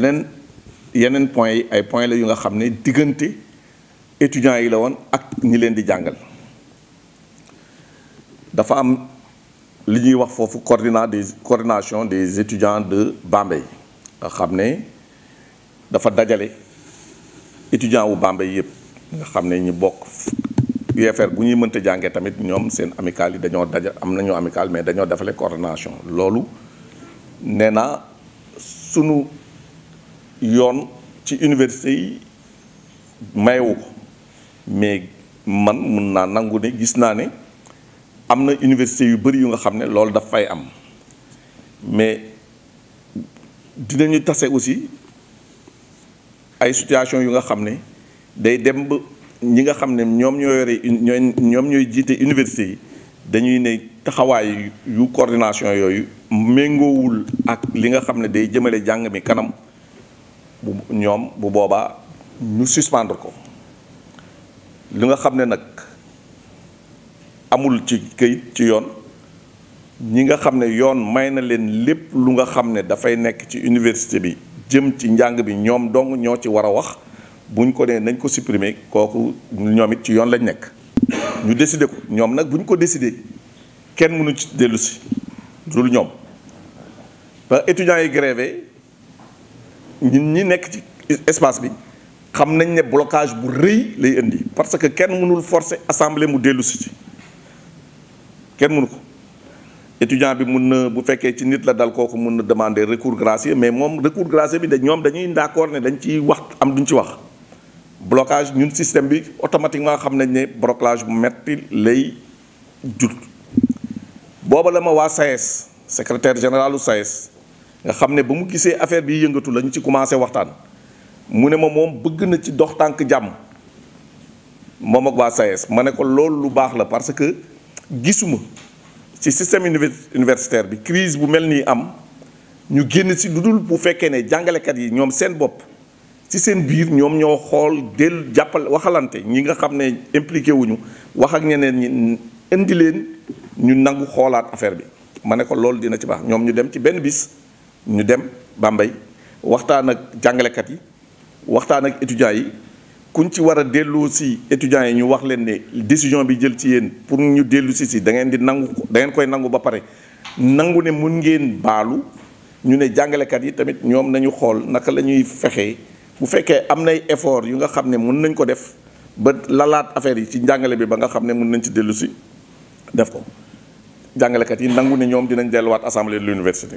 leneen point yi ay point la yu nga xamné digënté diggante étudiants yi la woon ak ñi leen di jàngal dafa am li ñuy wax fofu coordina des coordination des étudiants de Bambey nga xam dafa dajalé étudiants wu Bambey yépp nga xamné ne ñu bokk UFR bu ñuy mënta jàngé tamit ñom seen amical yi dañoo daja am nañu amical mais dañoo defale coordination loolu néna naa sunu yoon ci université yi mayewu ko mais man mun naa nangu ne gis naa ne am na université yu bëri yu nga xam ne loolu daf fay am mais ñu tase aussi ay situation yu nga xam ne day dem ba ñi nga xam ne ñoom ñoom ñooy jiite université yi dañuy ne taxawaay yu coordination yooyu méngoowul ak li nga xam ne day jëmale jàng mi kanam bu ñoom bu boobaa ñu suspendre ko li nga xam ne nag amul ci këyit ci yoon ñi nga xam ne yoon may na leen lépp lu nga xam ne dafay nekk ci université bi jëm ci njàng bi ñoom dong ñoo ci war a wax buñ ko nee nañ ko supprimer kooku ñoom it ci yoon lañ nekk ñu décider ko ñoom nag buñ ko décider kenn mënu ci dellu dul ñoom ba étudiants yi grévé ñun ñi nekk ci espace bi xam nañ ne blocage bu rëy lay indi parce que kenn mënul forcer assemblée mu dellu si ci kenn mënu ko étudiant bi mun na bu fekkee ci nit la dal koo ko mun na demander recours gracieux mais moom recours gracieux bi da ñoom dañuy d'accord ne dañ ciy wax am duñ ci wax blocage ñun système bi automatiquement xam nañ ne blocage bu metti lay jur booba la ma waa SAES e secrétaire général u nga xam ne ba mu gisee affaire bi yëngatu lañu ci commencé waxtaan mu ne ma moom bëgg na ci dox tànk jàmm moom ak waa SAES e ma ne ko loolu lu baax la parce que gisuma ci système universitaire bi crise bu mel nii am ñu génn si lu dul bu fekkee ne jàngalekat yi ñoom seen bopp ci seen biir ñoom ñoo xool del jàppal waxalante ñi nga xam ne impliqué wuñu wax ak ñeneen ñi indi leen ñu nangu xoolaat affaire bi ma ne ko loolu dina ci baax ñoom ñu dem ci benn bis ñu dem bambay waxtaan ak kat yi waxtaan ak étudiants yi kuñ ci wara déllu ci si étudiants yi ñu wax leen né décision bi jël ci yeen pour ñu déllu si ci da ngeen di nangu da ngeen koy nangu ba pare nangu ne mun ngeen balu ñu ne kat yi tamit ñom nañu xol naka lañuy fexé bu fekkee am nay effort yu nga xamné ne nañ ko def ba lalat affaire yi ci jangale bi ba nga xamné ne mun nañ ci déllu ci def ko kat yi nangu né ñom dinañ wat assemblée de l'université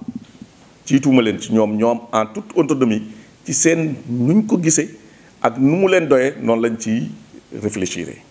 jiituwuma leen ci ñoom ñoom en toute autonomie ci seen nuñ ko gisee ak nu mu leen doyee noonu lañ ci réfléchir